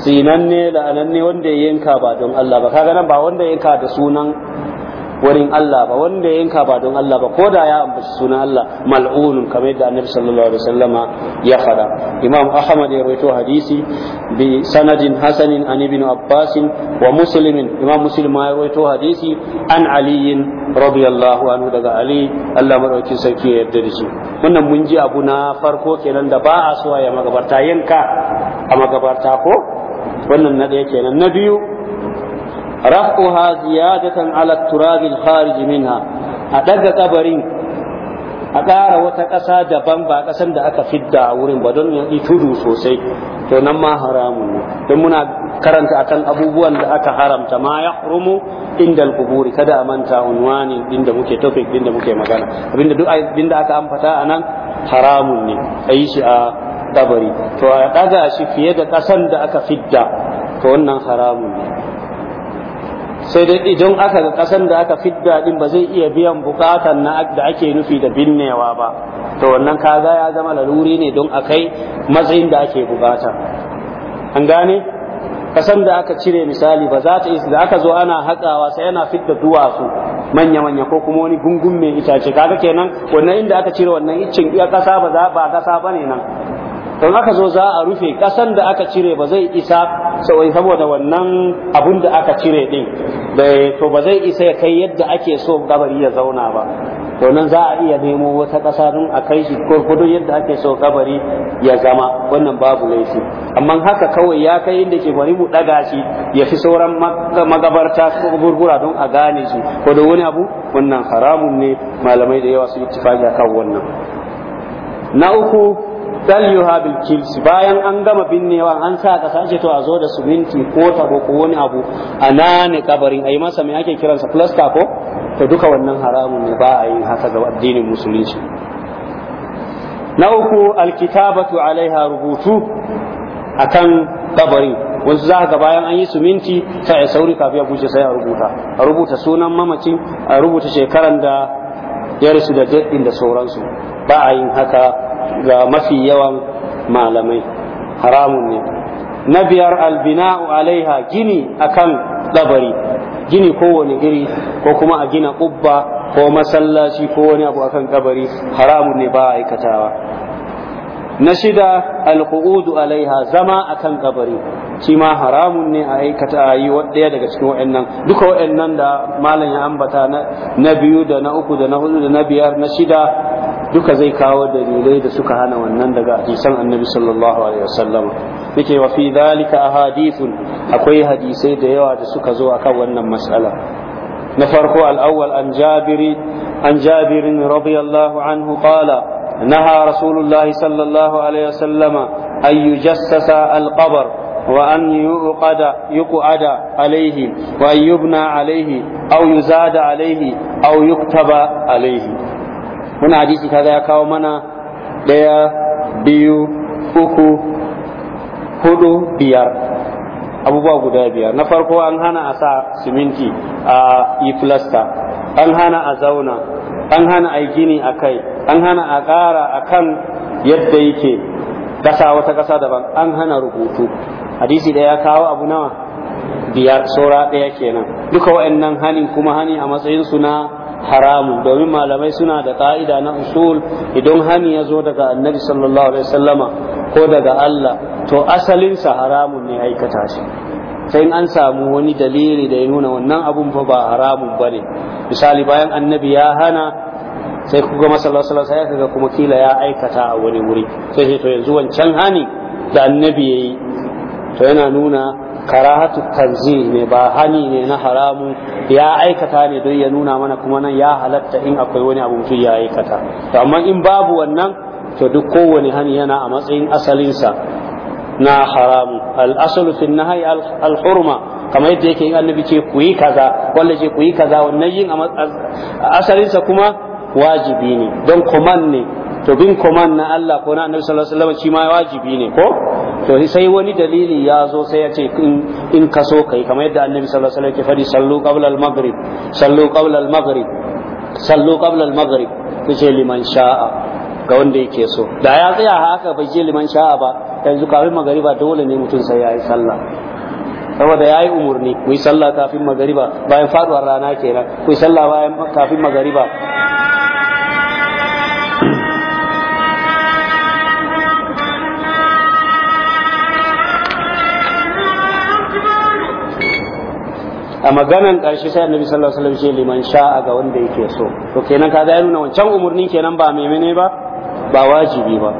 sinanne la'ananne wanda ya yanka ba don Allah ba kaga nan ba wanda ya yanka da sunan wurin Allah ba wanda yanka ba don Allah ba ko da ya ambaci sunan Allah mal'unun kamar yadda annabi sallallahu alaihi wasallam ya faɗa imam ahmad ya rawaito hadisi bi sanadin hasanin an ibn abbas wa muslimin imam muslim ya rawaito hadisi an ali radiyallahu anhu daga ali Allah madaukakin sarki ya yarda da shi wannan mun ji abu na farko kenan da ba a so ya magabarta yanka a magabarta ko wannan na ɗaya kenan na biyu رفعها زيادة على التراب الخارج منها أدق قبرين أدار وتكسا دبان باكسا دا أكا في الدعورين بدون يتدو سوسي to nan ma haramun ne don muna karanta kan abubuwan da aka haramta ma ya rumu inda alkuburi kada a manta unwani inda muke topic inda muke magana abinda duk aka amfata a nan haramun ne a yi shi a kabari to a daga shi fiye da kasan da aka fidda to wannan haramun ne sai dai idan aka ga kasan da aka fidda din ba zai iya biyan bukatan na da ake nufi da binnewa ba to wannan kaza ya zama laluri ne don akai matsayin da ake bukata an gane kasan da aka cire misali ba za ta isa da aka zo ana hakawa sai yana fidda duwatsu manya-manya ko kuma wani gungun mai itace kaga kenan wannan inda aka cire wannan icin iya kasa ba za ba kasa bane nan don aka zo za a rufe kasan da aka cire ba zai isa saboda wannan abun da aka cire din to ba zai isa ya kai yadda ake so kabari ya zauna ba to nan za a iya nemo wata kasa don a kai shi ko yadda ake so kabari ya zama wannan babu laifi amma haka kawai ya kai inda ke bari mu ɗaga shi ya fi sauran magabarta ko gurgura don a gane shi ko da wani abu wannan haramun ne malamai da yawa su ittifaqi kan wannan na uku taliyuha bil bayan an gama binnewa an sa ka sace to a zo da suminti ko ta ko wani abu a ne kabarin ai masa me ake kiransa plaster ko to duka wannan haramun ne ba a yin haka ga addinin musulunci na uku alkitabatu alaiha rubutu akan kabarin wasu za ga bayan an yi suminti sai a sauri kafin ya bushe sai a rubuta a rubuta sunan mamacin a rubuta shekaran da ya da daɗin da sauransu ba a yin haka ga mafi yawan malamai haramun ne na biyar albina'u alaiha gini akan dabari gini kowane iri ko kuma a gina ƙubba ko masallaci ko wani abu akan kabari haramun ne ba aikatawa na shida alku'udu alaiha zama akan kabari shi ma haramun ne a aikata a yi ɗaya daga cikin wa'annan duka wa'annan da malam ya ambata na biyu da na uku da na hudu da na biyar na shida duka zai kawo dalilai da suka hana wannan daga hadisan annabi sallallahu alaihi wasallam yake wa fi dhalika ahadithun akwai hadisai da yawa da suka zo akan wannan mas'ala na farko al-awwal an jabiri an jabirin radiyallahu anhu qala نهى رسول الله صلى الله عليه وسلم أن يجسس القبر وأن يقعد يقعد عليه وأن يبنى عليه أو يزاد عليه أو يكتب عليه wani hadisi kaga ya kawo mana ɗaya biyu uku hudu biyar abubuwa guda biyar na farko an hana a sa siminti a yi filasta an hana a zauna an hana a gini a kai an hana a ƙara a kan yadda yake ƙasa wata ƙasa daban an hana rubutu hadisi da ya kawo abu nawa biyar saura ɗaya kenan duka nan hanin kuma hani a matsayin suna na haramu domin malamai suna da ka'ida na usul idan hani ya zo daga annabi sallallahu alaihi wasallama ko daga Allah to asalinsa haramun ne aikata shi sai an samu wani dalili da ya nuna wannan abun fa ba haramun ba ne misali bayan annabi ya hana sai kuga masallar sallar sai kaga kuma kila ya aikata a wani wuri sai to yanzu wancan hani da annabi ya yi to yana nuna karahatu tanzil mai ba hani ne na haramu ya aikata ne don ya nuna mana kuma nan ya halatta in akwai wani abu mutum ya aikata amma in babu wannan to duk kowane hani yana a matsayin asalinsa na haramu al-asalu fi nahyi al-hurma kamar yadda yake annabi ce ku yi kaza wanda ce ku yi kaza wannan yin asalinsa kuma wajibi ne don kuman ne to bin command na Allah ko na Annabi sallallahu alaihi wasallam shi ma wajibi ne ko to sai wani dalili ya zo sai ya ce in ka so kai kamar yadda Annabi sallallahu alaihi wasallam ke fadi sallu qabla al-maghrib sallu qabla al-maghrib sallu qabla al-maghrib kace liman sha'a ga wanda yake so da ya tsaya haka bai je liman sha'a ba yanzu kafin magariba dole ne mutum sai yayi sallah saboda ya yi umarni ku yi sallah kafin magariba bayan faduwar rana kenan ku yi sallah bayan kafin magariba a maganan ƙarshe sai annabi sallallahu alaihi wasallam ce liman sha'a ga wanda yake so to kenan kaga ya nuna wancan umurnin kenan ba menene ba ba wajibi ba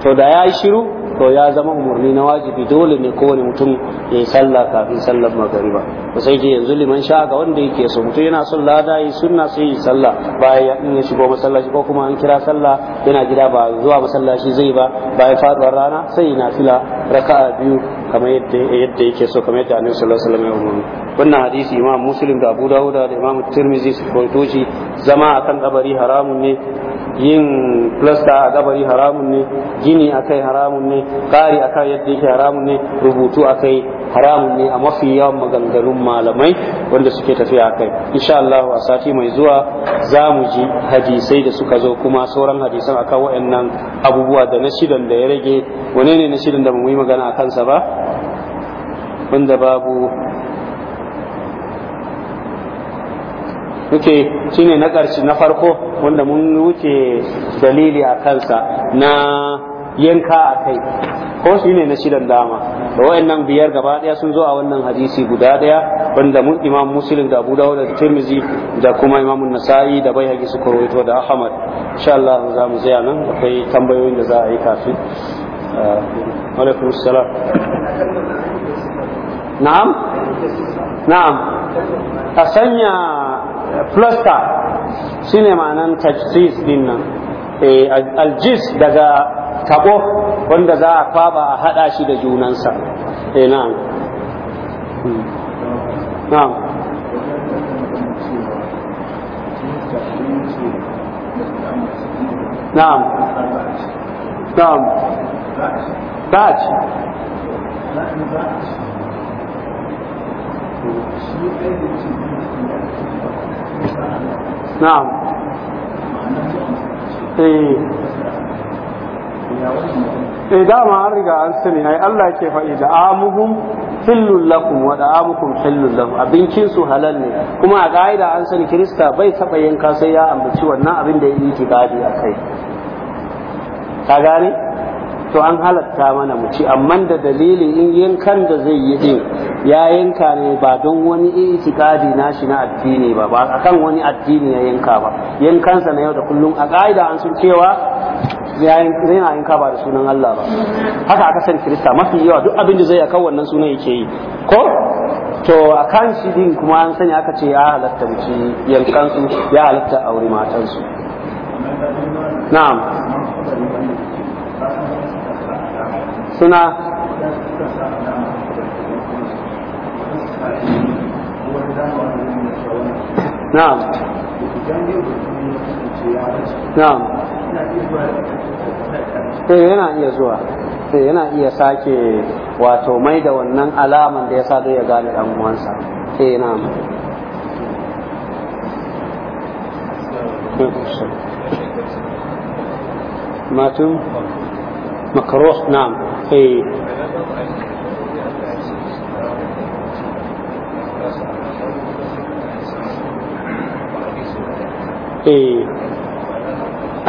to da ya yi shiru to ya zama umarni na wajibi dole ne kowane mutum ya yi sallah kafin sallar magariba ba sai je yanzu liman sha ga wanda yake so mutum yana son lada yi sunna sai yi sallah bayan ya shigo masallaci ko kuma an kira sallah yana gida ba zuwa masallaci zai ba bayan faduwar rana sai yi nafila raka'a biyu kamar yadda yake so kamar yadda annabi sallallahu alaihi wasallam ya umarni wannan hadisi imam muslim da abu da imam tirmidhi su koyto zama akan kabari haramun ne yin plasta a gabari haramun ne gini a kai haramun ne ƙari akan yadda yake haramun ne rubutu a kai haramun ne a mafi yawan maganganun malamai wanda suke tafiya akai insha Allah a sati mai zuwa za mu ji hadisai da suka zo kuma sauran hadisan a akan waɗannan abubuwa da na shidan da ya rage wane ne na shidan da ba mu yi magana a kansa ba wanda babu muke shine na ƙarshe na farko wanda mun wuce dalili a kansa na yanka a kai ko shi ne na shidan dama da wayannan biyar gaba daya sun zo a wannan hadisi guda daya wanda mun imam muslim da abu dawud da tirmizi da kuma imam nasa'i da bai su rawaito da ahmad insha Allah za mu tsaya nan akwai tambayoyin da za a yi kafin uh, alaikum assalam na'am na'am a sanya shi shine ma'anan tajsis din nan eh, aljis daga tabo wanda za a kwaba a hada shi da junansa e eh, na hmm. na'am na'am na'am eh. eh dama an riga an sani ai Allah ke faɗi da amuhum hillul lakum wa da'amukum hillul lakum halal ne kuma a ka'ida an sani Kirista bai taɓa yanka sai ya ambaci wannan abin da ya yake gadi a kai ka gane to an halatta mana mu ci amma da dalili in yankan da zai yi din ya yanka ne ba don wani itikadi nashi na addini ba ba akan wani addini ya yanka ba yankansa na yau da kullum a ka'ida an sun cewa yana yanka ba da sunan Allah ba haka aka san kirista mafi yawa duk abin da zai akan wannan sunan yake yi ko to a kan shi din kuma an sani aka ce ya halatta mu ci yankansu ya halatta aure matansu na'am suna na'am na'am eh yana iya zuwa eh yana iya sake wato mai da wannan alaman da ya sa ya gane dan uwansa eh na'am Matum? مكروه نعم اي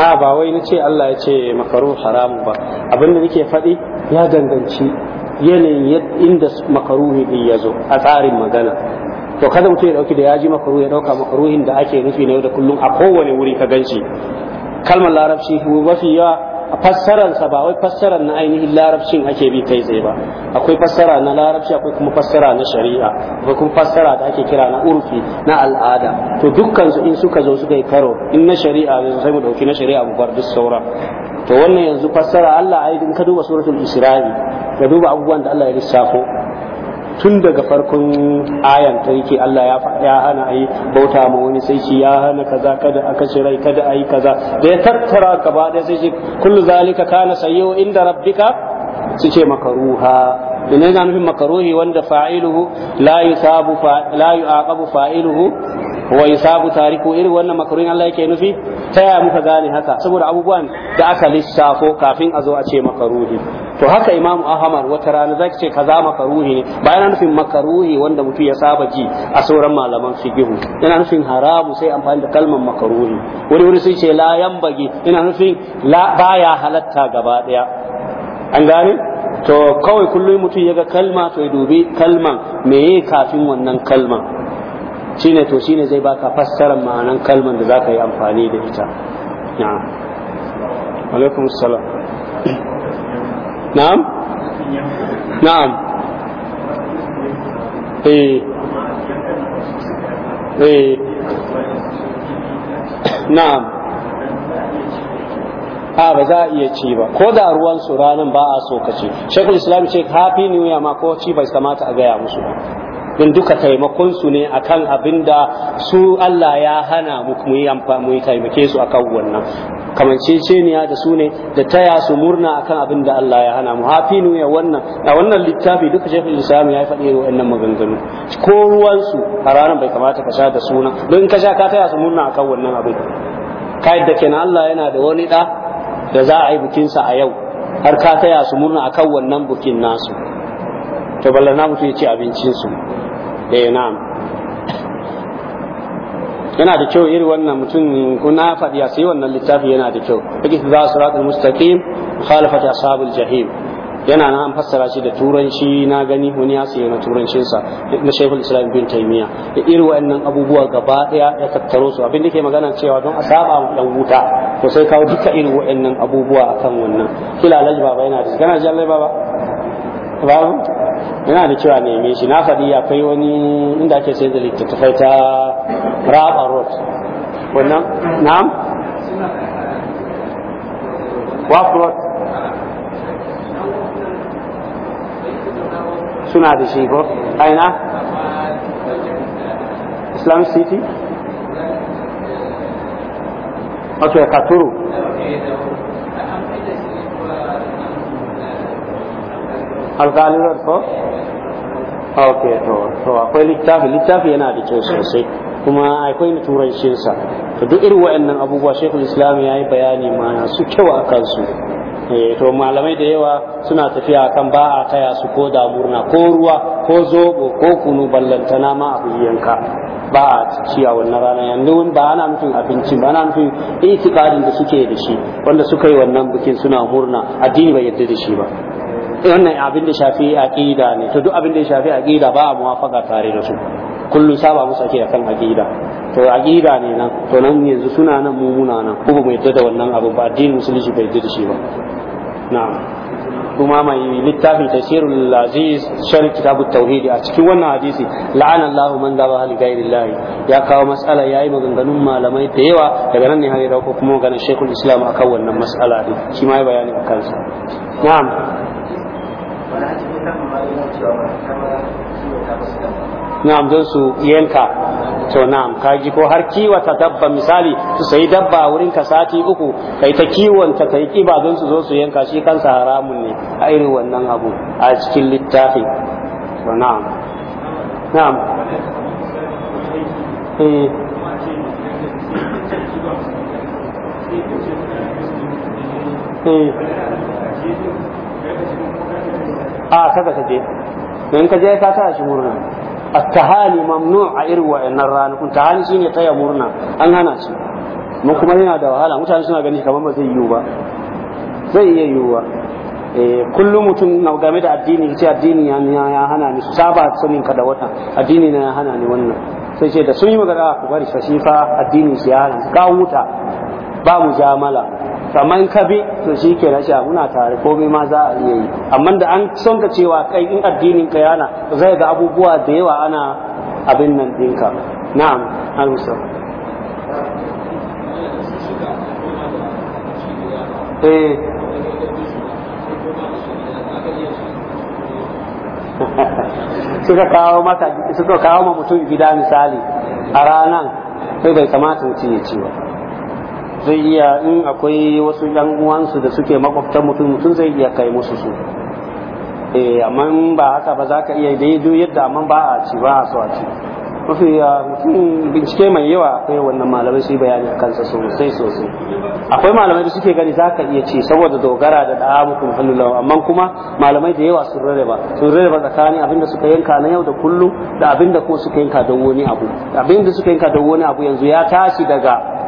a ba wai na ce Allah ya ce makaru haramu ba abinda nake faɗi ya danganci yanayin inda makaruhi din ya a tsarin magana to kada mutum ya dauki da yaji makaru ya dauka makaruhin da ake nufi na yau da kullun a kowane wuri ka ganshi kalmar larabci mafi yawa fassararsa ba wai fassarar na ainihin larabcin ake bi kai tsaye ba akwai fassara na larabci akwai kuma fassara na shari'a akwai kuma fassara da ake kira na urfi na al'ada to dukkansu in suka zo suka yi karo in na shari'a yanzu sai mu dauki na shari'a mu bar duk sauran to wannan yanzu fassara Allah ai in ka duba suratul isra'i ka duba abubuwan da Allah ya lissafo tun daga farkon ayan ta yake Allah ya hana ayi bauta ma wani sai shi ya hana kaza kada aka shirai rai kada ayi kaza da ya tattara gaba da sai shi kullu zalika kana sayyu inda rabbika su ce makaruha idan yana nufin makaruhi wanda fa'iluhu la yusabu la yu'aqabu fa'iluhu wa yusabu tariku irin wannan makaruhin Allah yake nufi ta yaya muka gane haka saboda abubuwan da aka lissafo kafin a zo a ce makaruhi to haka imamu ahmad wata rana zaki ce kaza makaruhi ne ba yana nufin makaruhi wanda mutum ya saba ji a sauran malaman fiqihu yana nufin haramu sai amfani da kalmar makaruhi wani wani sun ce la yambagi yana nufin la baya halatta gaba daya an gane to kawai kullum mutum ya ga kalma to ya dubi kalman meye kafin wannan kalman shine to shine zai baka fassarar ma'anan kalmar da zaka yi amfani da ita na'am alaikum salam na'am na'am eh eh na'am a ba za a iya ci ba ko da ruwan su ranan ba a so ka ce shekul islam ce happy new year ma ko ci bai kamata a gaya musu ba din duka taimakon su ne akan abinda su Allah ya hana mu mu yi amfani mu taimake su akan wannan kamanceceniya da su ne da taya su murna akan abin da Allah ya hana mu hafinu ya wannan a wannan littafi duka shekul islam ya faɗi wannan maganganu ko ruwansu a ranar bai kamata ka sha da suna don ka sha ka taya su murna akan wannan abin ka yadda kenan Allah yana da wani da da za a yi sa a yau har ka taya su murna akan wannan bukin nasu to ballana mutu ya ci su. eh na'am yana da kyau iri wannan mutum kuna faɗi a sai wannan littafi yana da kyau fiqh za siratul mustaqim mukhalafati ashabil jahim yana na an fassara shi da turanci na gani wani ya sayo na turancinsa na shaikhul islam bin taimiya da irin wa'annan abubuwa gaba daya ya tattaro su abin da ke magana cewa don a saba mu dan wuta to sai kawo duka irin wa'annan abubuwa akan wannan kila alhaji baba yana da gana ji alhaji baba yana da cewa neme shi na faɗi akwai wani inda ake sai da littattafai ta raba road wannan na'am waf road suna da shi ko aina islam city ok katuru alƙalibar ko ok to akwai littafi littafi yana da kyau sosai kuma akwai na turancinsa to duk irin wa'annan abubuwa shekul islam ya yi bayani mana su kyau a kansu eh, to malamai da yawa suna tafiya kan ba a taya su ko da murna ko ruwa ko zobo ko kunu ballantana ma abu yanka ba a ci wannan rana yanzu ba ana mutum abinci ba ana mutum itikadin da suke da shi wanda suka yi wannan bikin suna murna addini bai yadda da shi ba wannan abin da shafi aqida ne to duk abin da ya shafi aqida ba a muwafaka tare da su kullum saba musu ake akan aqida to aqida ne nan to nan yanzu suna nan mu muna nan kuma mai mu wannan abu ba addinin musulunci bai yadda shi ba na'am kuma mai littafin tafsirul aziz sharh kitabut tauhid a cikin wannan hadisi la'ana Allahu man zaba hal ghairillah ya kawo ya yayi maganganun malamai da yawa daga nan ne har ya kuma ganin Sheikhul Islam akan wannan matsala din shi ma ya bayani a sa na'am don su yanka to na'am kaji ko har kiwata dabba misali su sayi dabba wurin ka sati uku kai ta kiwon ta kai kiba don su zo su yanka shi kansa haramun ne a irin wannan abu a cikin littafin to na'am na'am eh eh a kada ka je in ka je ka taya shi murna at-tahani mamnu a irin wa'annan ranakun tahani shine taya murna an hana shi mun kuma yana da wahala mutane suna gani kamar ba zai yiwu ba zai iya yiwu ba. Eh, kullum mutum na game da addini ce addini ya hana ni su saba sanin ka da wata addini na ya hana ni wannan sai ce da sun yi magana ku bari shi fa addini su ya hana kawo wuta ba mu jamala kamar ka bi to shi ke na muna tare komai ma za a iya yi amma da an son ka cewa kai in addinin ka yana zai ga abubuwa da yawa ana abin nan ɗinka na'am an eh *laughs* suka kawo mata suka kawo ma mutum gida misali a ranan sai bai kamata mutum ya ci ba zai iya in akwai wasu yan uwansu da suke makwabtan mutum mutum zai iya kai musu su eh amma ba haka ba za ka iya daido yadda amma ba a ci ba a so a ci mafi ah, mutum bincike mai yawa akwai wannan malamai su yi bayani a kansa sosai sosai akwai malamai da suke gani za ka iya ce saboda dogara da mutum halulawa amma kuma malamai da yawa sun rarraba sun rarraba tsakanin abinda suka yanka na yau da kullum da abinda ko suka yanka don wani abu abinda suka yanka don wani abu yanzu ya tashi daga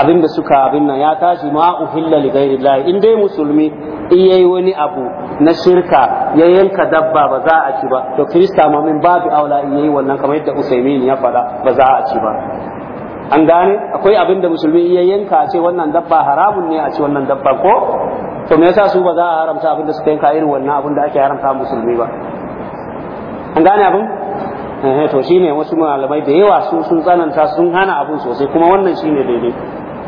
abin da suka abin nan ya tashi ma uhilla li ghairi in dai musulmi in yayi wani abu na shirka ya yanka dabba ba za a ci ba to kirista ma min babu aula in yayi wannan kamar yadda usaimin ya faɗa ba za a ci ba an gane akwai abin da musulmi ya yanka a ce wannan dabba haramun ne a ce wannan dabba ko to me yasa su ba za a haramta abin da suka yanka irin wannan abin da ake haramta musulmi ba an gane abin to shine wasu malamai da yawa su sun tsananta sun hana abin sosai kuma wannan shine daidai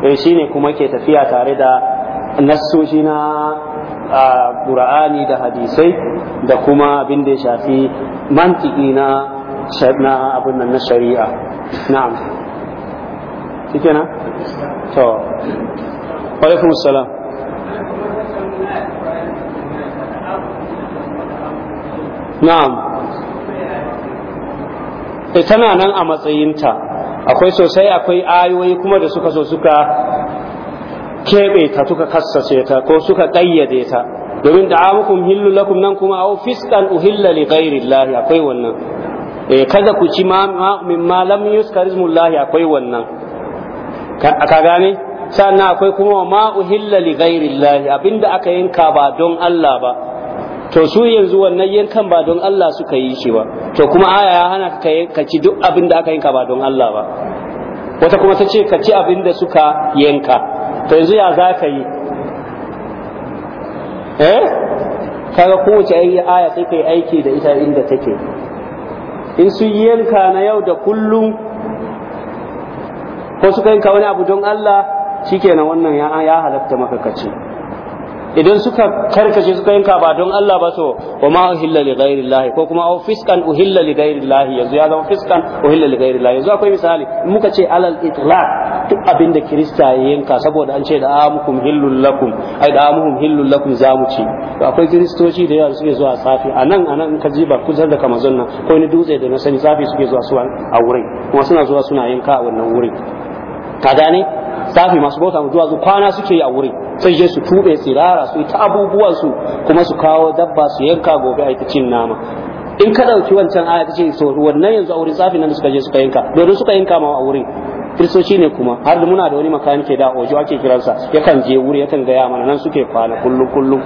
eh shi ne kuma ke tafiya tare da nassoshi na ƙura'ani da hadisai da kuma abin da ya shafi mantiki na abin nan na shari'a na'am shike na? to alaikum salam na'am eh, tana nan a matsayinta akwai sosai akwai ayoyi kuma da suka so suka keɓe ta suka kassace ta ko suka ƙayyade ta domin da amukum hillu lakum nan kuma au fiskan uhilla li llahi akwai wannan eh kada ku ci min ma lam llahi akwai wannan ka gane sannan akwai kuma ma uhilla li llahi abinda aka yinka ba don Allah ba to su yanzu wannan yankan ba don Allah suka yi shi ba to kuma aya ya hana ka ci duk abin da aka yanka ba don Allah ba wata kuma ta ce ka ci abin da suka yanka to yanzu ya za ka yi eh kaga kowace aya sai ka yi aiki da ita inda take in su yanka na yau da kullum ko suka yanka wani abu don Allah shikenan wannan ya halatta maka ka ce idan suka karkace suka yanka ba don Allah ba to wa ma uhilla li ghairi Allah ko kuma au oh, fiskan uhilla li ghairi Allah yanzu ya zama fiskan uhilla li ghairi Allah yanzu akwai misali muka ce alal itlaq duk abin da kirista ya yanka saboda an ce da amukum hillul lakum ai da amukum hillul lakum zamu ci to akwai kiristoci da yawa suke zuwa safi anan anan ka ji ba kusan da kamazon nan ko ni dutse da na sani safi suke zuwa su a wurin kuma suna zuwa suna yanka a wannan wurin ka gane safi masu bauta mu duwatsu kwana suke yi a wurin sai je su tube tsirara su ta abubuwan su kuma su kawo dabba su yanka gobe a cin nama in ka dauki wancan aya ta ce so wannan yanzu a wurin safi nan suka je suka yanka domin suka yanka ma a wurin kiristoci ne kuma har da muna da wani ke da ojo ake kiransa yakan je wuri yakan gaya mana nan suke kwana kullum kullum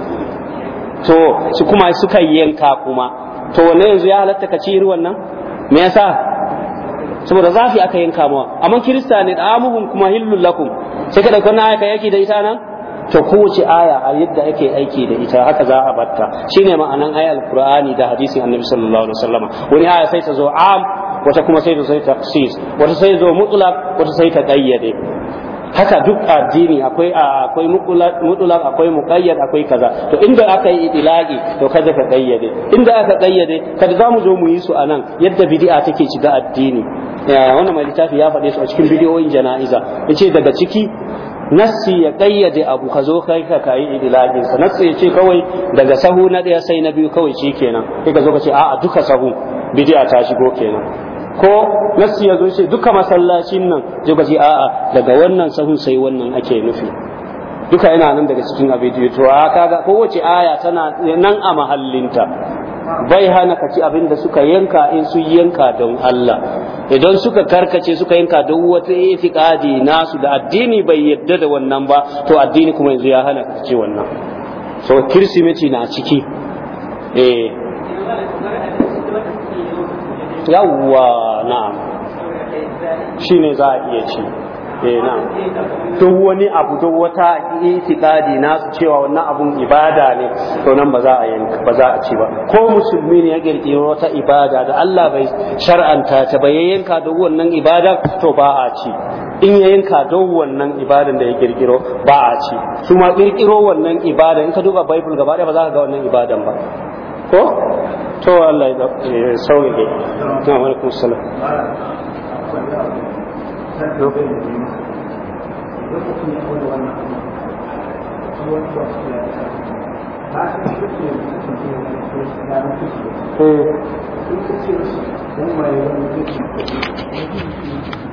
to su kuma suka yanka kuma to wannan yanzu ya halatta ka ci irin wannan me yasa saboda zafi aka yanka mawa amma kirista ne amuhum kuma hillul lakum sai ka dauka wannan aya ka yake da ita nan to kowace aya a yadda ake aiki da ita haka za a batta shine ma'anan ayar alqur'ani da hadisin annabi sallallahu alaihi wasallam wani aya sai ta zo am wata kuma sai ta zo wata sai ta zo mutlaq wata sai ta qayyade haka duk addini akwai akwai mutulak akwai muqayyad akwai kaza to inda aka yi itilaqi to kaza ka kayyade inda aka kayyade kada zamu zo mu yi su anan yadda bid'a take shiga addini wannan mai littafi ya faɗe su a cikin bidiyoyin jana'iza yace daga ciki nassi ya kayyade abu ka kai ka kayi idilagin sa nassi ya kawai daga sahu na daya sai na biyu kawai shi kenan kai ka zo ka ce a'a duka sahu bid'a ta shigo kenan ko nasu ya zo ce duka masallacin nan je ji a'a daga wannan sahun sai wannan ake nufi duka yana nan daga cikin abin to a kaga kowace aya tana nan a mahallinta bai hana ka ci abin da suka yanka in su yanka don Allah idan suka karkace suka yanka don wata itiqadi nasu da addini bai yadda da wannan ba to addini kuma yanzu ya hana ka ci wannan so kirsimeti na ciki eh yawwa na'am shine za a iya ci eh na'am duk wani abu duk wata itikadi nasu cewa wannan abun ibada ne to nan ba za a yanka ba za a ci ba ko musulmi ne ya kirkiro wata ibada da Allah bai shar'anta ta ba ya yanka duk wannan ibada to ba a ci in ya yanka don wannan ibadan da ya girgiro ba a ci su ma kirkiro wannan ibada? in ka duba bible gaba ɗaya ba za ka ga wannan ibadan ba ko to Allah ya sauke na alaikum salam Hmm.